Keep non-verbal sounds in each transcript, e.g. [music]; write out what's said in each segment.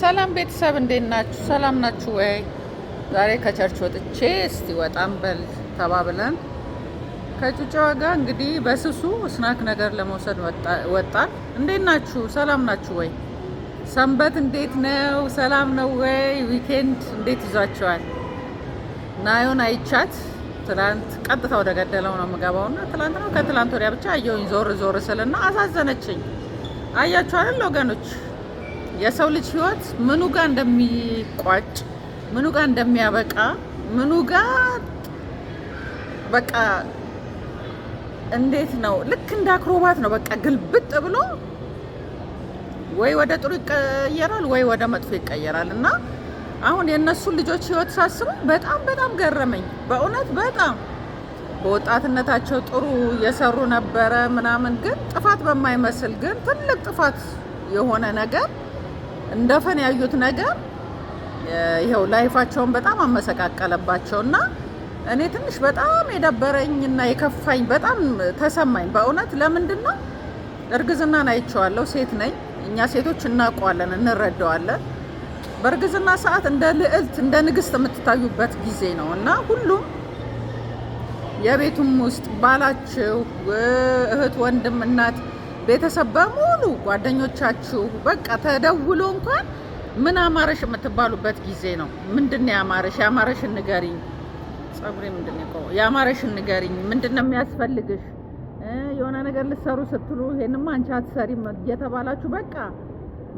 ሰላም ቤተሰብ እንዴት ናችሁ? ሰላም ናችሁ ወይ? ዛሬ ከቸርች ወጥቼ እስቲ ወጣም በል ተባብለን ከጩጫዋ ጋር እንግዲህ በስሱ ስናክ ነገር ለመውሰድ ወጣን። እንዴት ናችሁ? ሰላም ናችሁ ወይ? ሰንበት እንዴት ነው? ሰላም ነው ወይ? ዊኬንድ እንዴት ይዟቸዋል? ናዮን አይቻት ትላንት ቀጥታ ወደ ገደለው ነው እና ትላንት ነው ከትላንት ወዲያ ብቻ አየውኝ ዞር ዞር ስልና አሳዘነችኝ። አያችሁ አይደል ወገኖች የሰው ልጅ ህይወት ምኑ ጋር እንደሚቋጭ ምኑ ጋር እንደሚያበቃ ምኑ ጋር በቃ እንዴት ነው ልክ እንደ አክሮባት ነው። በቃ ግልብጥ ብሎ ወይ ወደ ጥሩ ይቀየራል፣ ወይ ወደ መጥፎ ይቀየራል። እና አሁን የእነሱን ልጆች ህይወት ሳስበው በጣም በጣም ገረመኝ በእውነት በጣም በወጣትነታቸው ጥሩ የሰሩ ነበረ ምናምን፣ ግን ጥፋት በማይመስል ግን ትልቅ ጥፋት የሆነ ነገር እንደፈን ያዩት ነገር ይኸው ላይፋቸውን በጣም አመሰቃቀለባቸውና እኔ ትንሽ በጣም የደበረኝ የከፋኝ በጣም ተሰማኝ። በእውነት ለምንድን ነው እርግዝናን አይቼዋለሁ። ሴት ነኝ። እኛ ሴቶች እናውቀዋለን፣ እንረዳዋለን። በእርግዝና ሰዓት እንደ ልዕልት እንደ ንግስት የምትታዩበት ጊዜ ነው እና ሁሉም የቤቱም ውስጥ ባላችሁ እህት፣ ወንድም፣ እናት ቤተሰብ በሙሉ ጓደኞቻችሁ በቃ ተደውሎ እንኳን ምን አማረሽ የምትባሉበት ጊዜ ነው። ምንድን ነው ያማረሽ? ያማረሽን ንገሪኝ፣ ጸጉሬ ምንድን ነው ያማረሽን ንገሪኝ፣ ምንድን ነው የሚያስፈልግሽ? የሆነ ነገር ልትሰሩ ስትሉ ይሄንማ አንቺ አትሰሪም እየተባላችሁ በቃ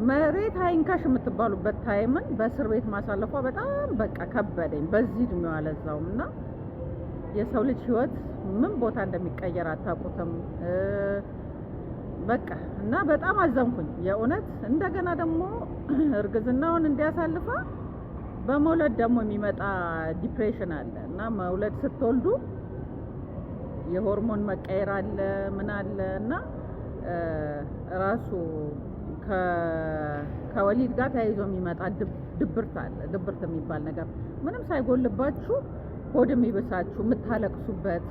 መሬት አይንካሽ የምትባሉበት ታይምን በእስር ቤት ማሳለፏ በጣም በቃ ከበደኝ በዚህ እድሜዋ አለዛውም እና የሰው ልጅ ህይወት ምን ቦታ እንደሚቀየር አታውቁትም። በቃ እና በጣም አዘንኩኝ የእውነት። እንደገና ደግሞ [clears throat] እርግዝናውን እንዲያሳልፋ በመውለድ ደግሞ የሚመጣ ዲፕሬሽን አለ እና መውለድ ስትወልዱ የሆርሞን መቀየር አለ ምን አለ እና ራሱ ከወሊድ ጋር ተያይዞ የሚመጣ ድብርት አለ። ድብርት የሚባል ነገር ምንም ሳይጎልባችሁ ሆድ የሚብሳችሁ የምታለቅሱበት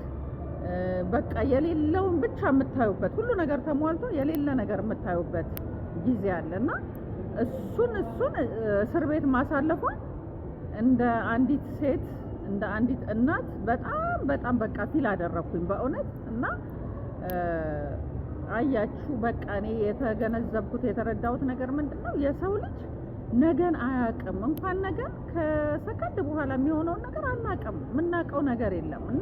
በቃ የሌለውን ብቻ የምታዩበት ሁሉ ነገር ተሟልቶ የሌለ ነገር የምታዩበት ጊዜ አለ እና እሱን እሱን እስር ቤት ማሳለፏን እንደ አንዲት ሴት እንደ አንዲት እናት በጣም በጣም በቃ ፊል አደረኩኝ በእውነት እና አያችሁ በቃ እኔ የተገነዘብኩት የተረዳሁት ነገር ምንድን ነው የሰው ልጅ ነገን አያውቅም። እንኳን ነገን ከሰከንድ በኋላ የሚሆነውን ነገር አናውቅም። የምናውቀው ነገር የለም እና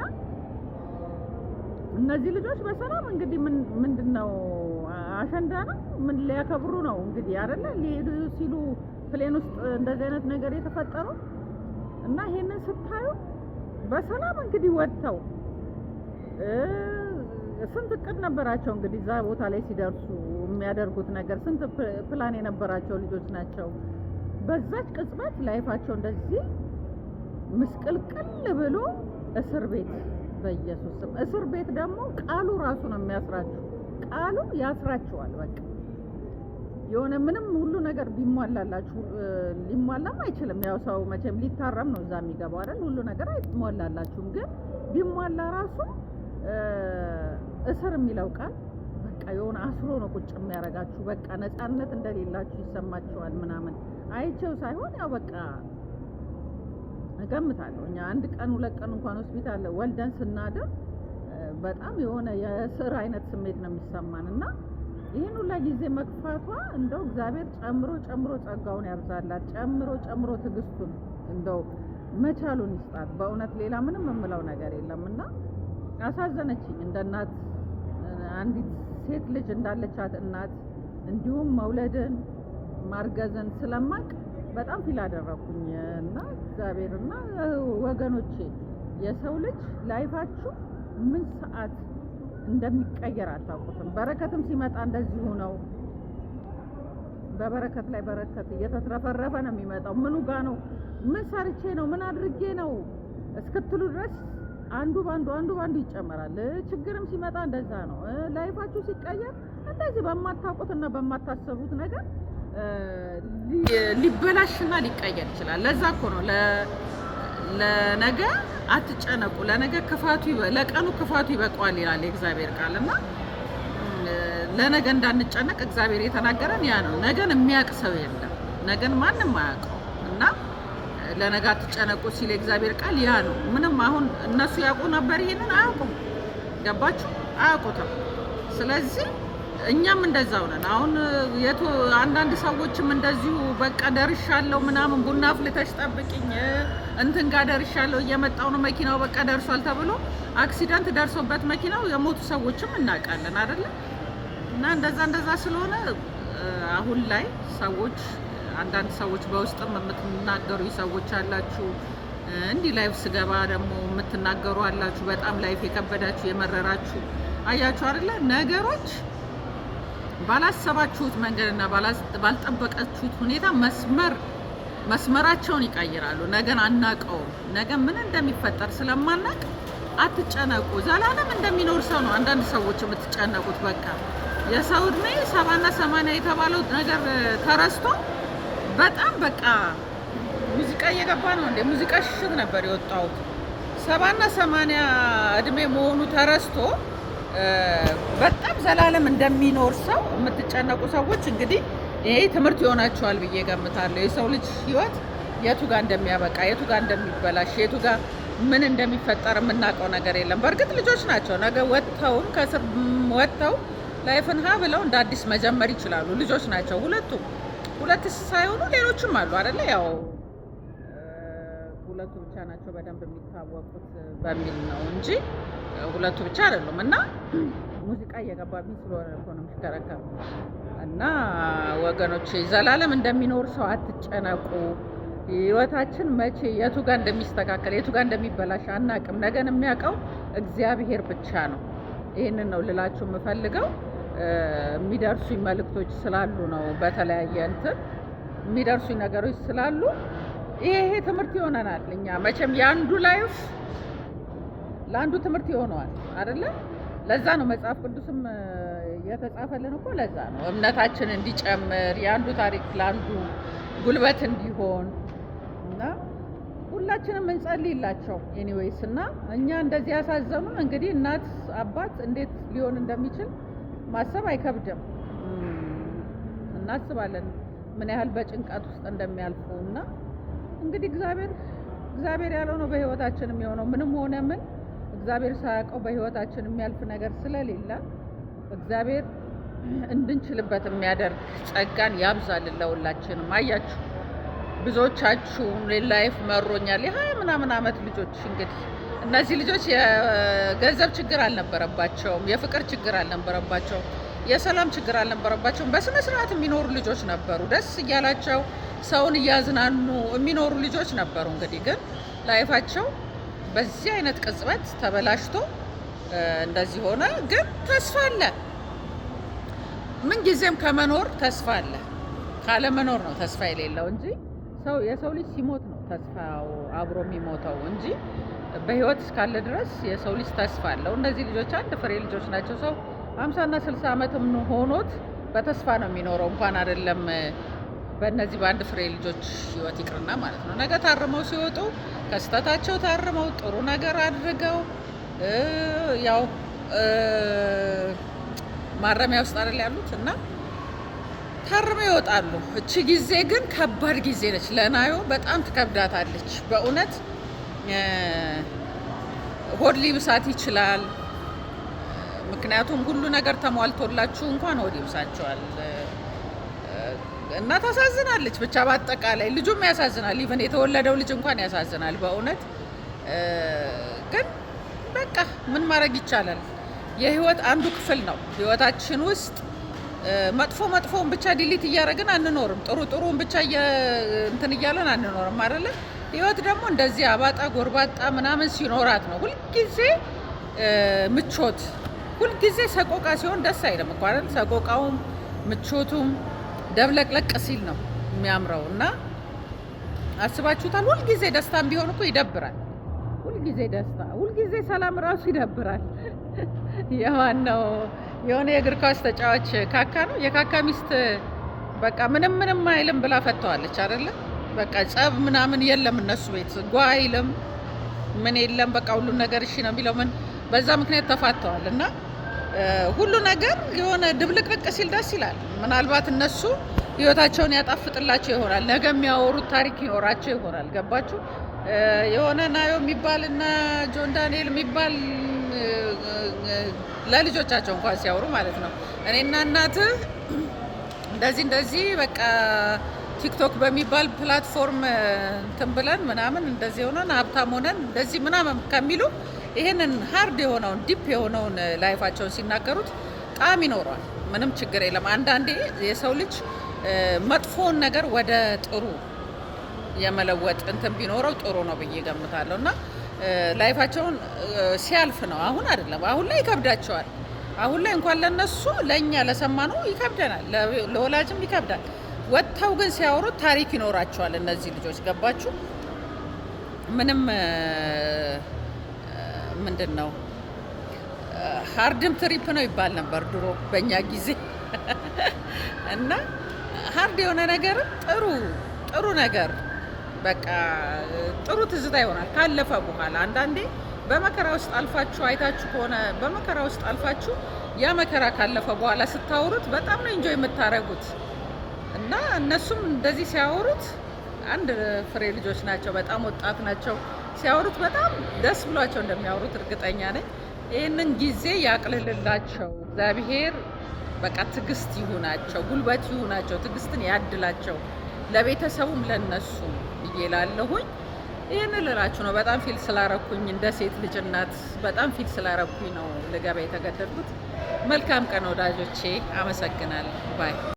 እነዚህ ልጆች በሰላም እንግዲህ ምንድን ነው አሸንዳ ነው ምን ሊያከብሩ ነው እንግዲህ አይደለ ሊሄዱ ሲሉ ፕሌን ውስጥ እንደዚህ አይነት ነገር የተፈጠረው እና ይሄንን ስታዩ በሰላም እንግዲህ ወጥተው ስንት እቅድ ነበራቸው እንግዲህ እዛ ቦታ ላይ ሲደርሱ የሚያደርጉት ነገር ስንት ፕላን የነበራቸው ልጆች ናቸው። በዛች ቅጽበት ላይፋቸው እንደዚህ ምስቅልቅል ብሎ እስር ቤት በኢየሱስ ስም። እስር ቤት ደግሞ ቃሉ ራሱ ነው የሚያስራችሁ። ቃሉ ያስራችኋል። በቃ የሆነ ምንም ሁሉ ነገር ቢሟላላችሁ ሊሟላም አይችልም። ያው ሰው መቼም ሊታረም ነው እዛ የሚገባው አይደል? ሁሉ ነገር አይሟላላችሁም። ግን ቢሟላ ራሱ እስር የሚለው ቃል በቃ የሆነ አስሮ ነው ቁጭ የሚያደርጋችሁ። በቃ ነፃነት እንደሌላችሁ ይሰማችኋል ምናምን አይቸው ሳይሆን ያው በቃ እገምታለሁ። እኛ አንድ ቀን ሁለት ቀን እንኳን ሆስፒታል ወልደን ስናድር በጣም የሆነ የስር አይነት ስሜት ነው የሚሰማን እና ይህን ሁላ ጊዜ መግፋቷ እንደው እግዚአብሔር ጨምሮ ጨምሮ ጸጋውን ያብዛላት፣ ጨምሮ ጨምሮ ትዕግስቱን እንደው መቻሉን ይስጣት። በእውነት ሌላ ምንም የምለው ነገር የለም እና አሳዘነችኝ። እንደ እናት አንዲት ሴት ልጅ እንዳለቻት እናት እንዲሁም መውለድን ማርገዝን ስለማቅ በጣም ፊል አደረኩኝ እና እና ወገኖቼ የሰው ልጅ ላይፋችሁ ምን ሰዓት እንደሚቀየር አታውቁትም። በረከትም ሲመጣ እንደዚሁ ነው። በበረከት ላይ በረከት እየተትረፈረፈ ነው የሚመጣው። ምኑ ጋ ነው? ምን ሰርቼ ነው? ምን አድርጌ ነው እስክትሉ ድረስ አንዱ ባንዱ አንዱ ባንዱ ይጨመራል። ችግርም ሲመጣ እንደዛ ነው። ላይፋችሁ ሲቀየር እንደዚህ በማታውቁትና በማታሰቡት ነገር ሊበላሽና ሊቀየር ይችላል። ለዛ እኮ ነው ለነገ አትጨነቁ፣ ለነገ ክፋቱ ለቀኑ ክፋቱ ይበቃዋል ይላል የእግዚአብሔር ቃል እና ለነገ እንዳንጨነቅ እግዚአብሔር የተናገረን ያ ነው። ነገን የሚያውቅ ሰው የለም። ነገን ማንም አያውቀው እና ለነገ አትጨነቁ ሲል የእግዚአብሔር ቃል ያ ነው። ምንም አሁን እነሱ ያውቁ ነበር፣ ይሄንን አያውቁም። ገባችሁ? አያውቁትም። ስለዚህ እኛም እንደዛው ነን። አሁን የቱ አንዳንድ ሰዎችም እንደዚሁ በቃ ደርሻለሁ ምናምን ቡና አፍልተሽ ጠብቅኝ እንትን ጋር ደርሻለሁ እየመጣው ነው መኪናው በቃ ደርሷል ተብሎ አክሲደንት ደርሶበት መኪናው የሞቱ ሰዎችም እናውቃለን አይደለ? እና እንደዛ እንደዛ ስለሆነ አሁን ላይ ሰዎች አንዳንድ ሰዎች በውስጥም የምትናገሩ ሰዎች አላችሁ፣ እንዲህ ላይፍ ስገባ ደግሞ የምትናገሩ አላችሁ። በጣም ላይፍ የከበዳችሁ የመረራችሁ አያችሁ አይደለ ነገሮች ባላሰባችሁት መንገድና ባልጠበቀችሁት ሁኔታ መስመር መስመራቸውን ይቀይራሉ። ነገን አናቀውም። ነገ ምን እንደሚፈጠር ስለማናቅ አትጨነቁ። ዘላለም እንደሚኖር ሰው ነው አንዳንድ ሰዎች የምትጨነቁት። በቃ የሰው እድሜ ሰባና ሰማንያ የተባለው ነገር ተረስቶ በጣም በቃ ሙዚቃ እየገባ ነው እንዴ? ሙዚቃ ሽሽግ ነበር የወጣሁት። ሰባና ሰማንያ እድሜ መሆኑ ተረስቶ በጣም ዘላለም እንደሚኖር ሰው የምትጨነቁ ሰዎች እንግዲህ ይሄ ትምህርት ይሆናቸዋል ብዬ ገምታለሁ። የሰው ልጅ ህይወት የቱ ጋር እንደሚያበቃ፣ የቱ ጋር እንደሚበላሽ፣ የቱ ጋር ምን እንደሚፈጠር የምናውቀው ነገር የለም። በእርግጥ ልጆች ናቸው። ነገ ወጥተውም ከስር ወጥተው ላይፍን ሀ ብለው እንደ አዲስ መጀመር ይችላሉ። ልጆች ናቸው ሁለቱም። ሁለት ሳይሆኑ ሌሎችም አሉ አደለ? ያው ሁለቱ ብቻ ናቸው በደንብ የሚታወቁት በሚል ነው እንጂ ሁለቱ ብቻ አይደሉም። እና ሙዚቃ እየገባብኝ ስለሆነ እኮ ነው የሚሽከረከሩ። እና ወገኖች ዘላለም እንደሚኖር ሰው አትጨነቁ። ህይወታችን መቼ የቱ ጋር እንደሚስተካከል የቱ ጋር እንደሚበላሽ አናቅም። ነገን የሚያውቀው እግዚአብሔር ብቻ ነው። ይህንን ነው ልላችሁ የምፈልገው። የሚደርሱኝ መልእክቶች ስላሉ ነው በተለያየ እንትን የሚደርሱኝ ነገሮች ስላሉ ይሄ ትምህርት ይሆነናል። እኛ መቼም የአንዱ ላይፍ ለአንዱ ትምህርት ይሆነዋል አይደለ? ለዛ ነው መጽሐፍ ቅዱስም የተጻፈልን እኮ ለዛ ነው እምነታችን እንዲጨምር የአንዱ ታሪክ ለአንዱ ጉልበት እንዲሆን እና ሁላችንም እንጸልይላቸው ኤኒዌይስ እና እኛ እንደዚህ ያሳዘኑን እንግዲህ እናት አባት እንዴት ሊሆን እንደሚችል ማሰብ አይከብድም። እናስባለን ምን ያህል በጭንቀት ውስጥ እንደሚያልፉ እና እንግዲህ እግዚአብሔር እግዚአብሔር ያለው ነው በህይወታችን የሚሆነው ምንም ሆነ ምን እግዚአብሔር ሳያውቀው በህይወታችን የሚያልፍ ነገር ስለሌለ እግዚአብሔር እንድንችልበት የሚያደርግ ጸጋን ያብዛልን ለሁላችንም። አያችሁ ብዙዎቻችሁ ላይፍ መሮኛል። የሀያ ምናምን አመት ልጆች እንግዲህ እነዚህ ልጆች የገንዘብ ችግር አልነበረባቸውም፣ የፍቅር ችግር አልነበረባቸውም። የሰላም ችግር አልነበረባቸውም። በስነ ስርዓት የሚኖሩ ልጆች ነበሩ። ደስ እያላቸው ሰውን እያዝናኑ የሚኖሩ ልጆች ነበሩ። እንግዲህ ግን ላይፋቸው በዚህ አይነት ቅጽበት ተበላሽቶ እንደዚህ ሆነ። ግን ተስፋ አለ። ምንጊዜም ከመኖር ተስፋ አለ። ካለመኖር ነው ተስፋ የሌለው እንጂ ሰው የሰው ልጅ ሲሞት ነው ተስፋው አብሮ የሚሞተው እንጂ በህይወት እስካለ ድረስ የሰው ልጅ ተስፋ አለው። እነዚህ ልጆች አንድ ፍሬ ልጆች ናቸው ሰው ሀምሳና ስልሳ ዓመትም ሆኖት በተስፋ ነው የሚኖረው። እንኳን አይደለም በእነዚህ በአንድ ፍሬ ልጆች ህይወት ይቅርና ማለት ነው። ነገ ታርመው ሲወጡ ከስህተታቸው ታርመው ጥሩ ነገር አድርገው ያው ማረሚያ ውስጥ አይደል ያሉት እና ታርመው ይወጣሉ። እቺ ጊዜ ግን ከባድ ጊዜ ነች። ለናዮ በጣም ትከብዳታለች በእውነት ሆድ ሊብሳት ይችላል። ምክንያቱም ሁሉ ነገር ተሟልቶላችሁ እንኳን ወዲ ይብሳቸዋል እና ታሳዝናለች። ብቻ በአጠቃላይ ልጁም ያሳዝናል። ኢቨን የተወለደው ልጅ እንኳን ያሳዝናል በእውነት ግን በቃ ምን ማድረግ ይቻላል? የህይወት አንዱ ክፍል ነው። ህይወታችን ውስጥ መጥፎ መጥፎውን ብቻ ዲሊት እያደረግን አንኖርም። ጥሩ ጥሩን ብቻ እንትን እያለን አንኖርም አይደለ? ህይወት ደግሞ እንደዚህ አባጣ ጎርባጣ ምናምን ሲኖራት ነው ሁልጊዜ ምቾት ሁልጊዜ ሰቆቃ ሲሆን ደስ አይልም እኮ አይደል? ሰቆቃውም ምቾቱም ደብለቅለቅ ሲል ነው የሚያምረው። እና አስባችሁታል? ሁልጊዜ ደስታም ቢሆን እኮ ይደብራል። ሁልጊዜ ደስታ፣ ሁልጊዜ ሰላም ራሱ ይደብራል። [laughs] የማን ነው የሆነ የእግር ኳስ ተጫዋች ካካ ነው የካካ ሚስት በቃ ምንም ምንም አይልም ብላ ፈተዋለች አይደለ? በቃ ጸብ ምናምን የለም እነሱ ቤት ጓ አይልም ምን የለም በቃ ሁሉም ነገር እሺ ነው የሚለው ምን በዛ ምክንያት ተፋተዋል እና ሁሉ ነገር የሆነ ድብልቅልቅ ሲል ደስ ይላል። ምናልባት እነሱ ህይወታቸውን ያጣፍጥላቸው ይሆናል። ነገ የሚያወሩት ታሪክ ይኖራቸው ይሆናል። ገባችሁ? የሆነ ናዮ የሚባል እና ጆን ዳንኤል የሚባል ለልጆቻቸው እንኳን ሲያወሩ ማለት ነው እኔና እናት እንደዚህ እንደዚህ በቃ ቲክቶክ በሚባል ፕላትፎርም እንትን ብለን ምናምን እንደዚህ ሆነን ሀብታም ሆነን እንደዚህ ምናምን ከሚሉ ይህንን ሀርድ የሆነውን ዲፕ የሆነውን ላይፋቸውን eh, ሲናገሩት ጣም ይኖረዋል። ምንም ችግር የለም። አንዳንዴ የሰው ልጅ eh, መጥፎውን ነገር ወደ ጥሩ የመለወጥ እንትን ቢኖረው ጥሩ ነው ብዬ ገምታለሁ። እና ላይፋቸውን eh, ሲያልፍ ነው አሁን አይደለም። አሁን ላይ ይከብዳቸዋል። አሁን ላይ እንኳን ለነሱ ለእኛ ነው ይከብደናል፣ ለወላጅም ይከብዳል። ወጥተው ግን ሲያወሩት ታሪክ ይኖራቸዋል። እነዚህ ልጆች ገባችሁ ምንም ምንድን ነው ሀርድም ትሪፕ ነው ይባል ነበር ድሮ በእኛ ጊዜ [laughs] እና ሀርድ የሆነ ነገር ጥሩ ጥሩ ነገር በቃ ጥሩ ትዝታ ይሆናል ካለፈ በኋላ። አንዳንዴ በመከራ ውስጥ አልፋችሁ አይታችሁ ከሆነ በመከራ ውስጥ አልፋችሁ ያ መከራ ካለፈ በኋላ ስታወሩት በጣም ነው እንጆይ የምታደረጉት። እና እነሱም እንደዚህ ሲያወሩት አንድ ፍሬ ልጆች ናቸው፣ በጣም ወጣት ናቸው። ሲያወሩት በጣም ደስ ብሏቸው እንደሚያወሩት እርግጠኛ ነኝ። ይህንን ጊዜ ያቅልልላቸው እግዚአብሔር። በቃ ትዕግስት ይሁናቸው፣ ጉልበት ይሁናቸው፣ ትዕግስትን ያድላቸው ለቤተሰቡም ለነሱ ብዬ ላለሁኝ ይህን ልላችሁ ነው። በጣም ፊል ስላረኩኝ እንደ ሴት ልጅናት በጣም ፊል ስላረኩኝ ነው ልገባ የተገደድኩት። መልካም ቀን ወዳጆቼ፣ አመሰግናለሁ ባይ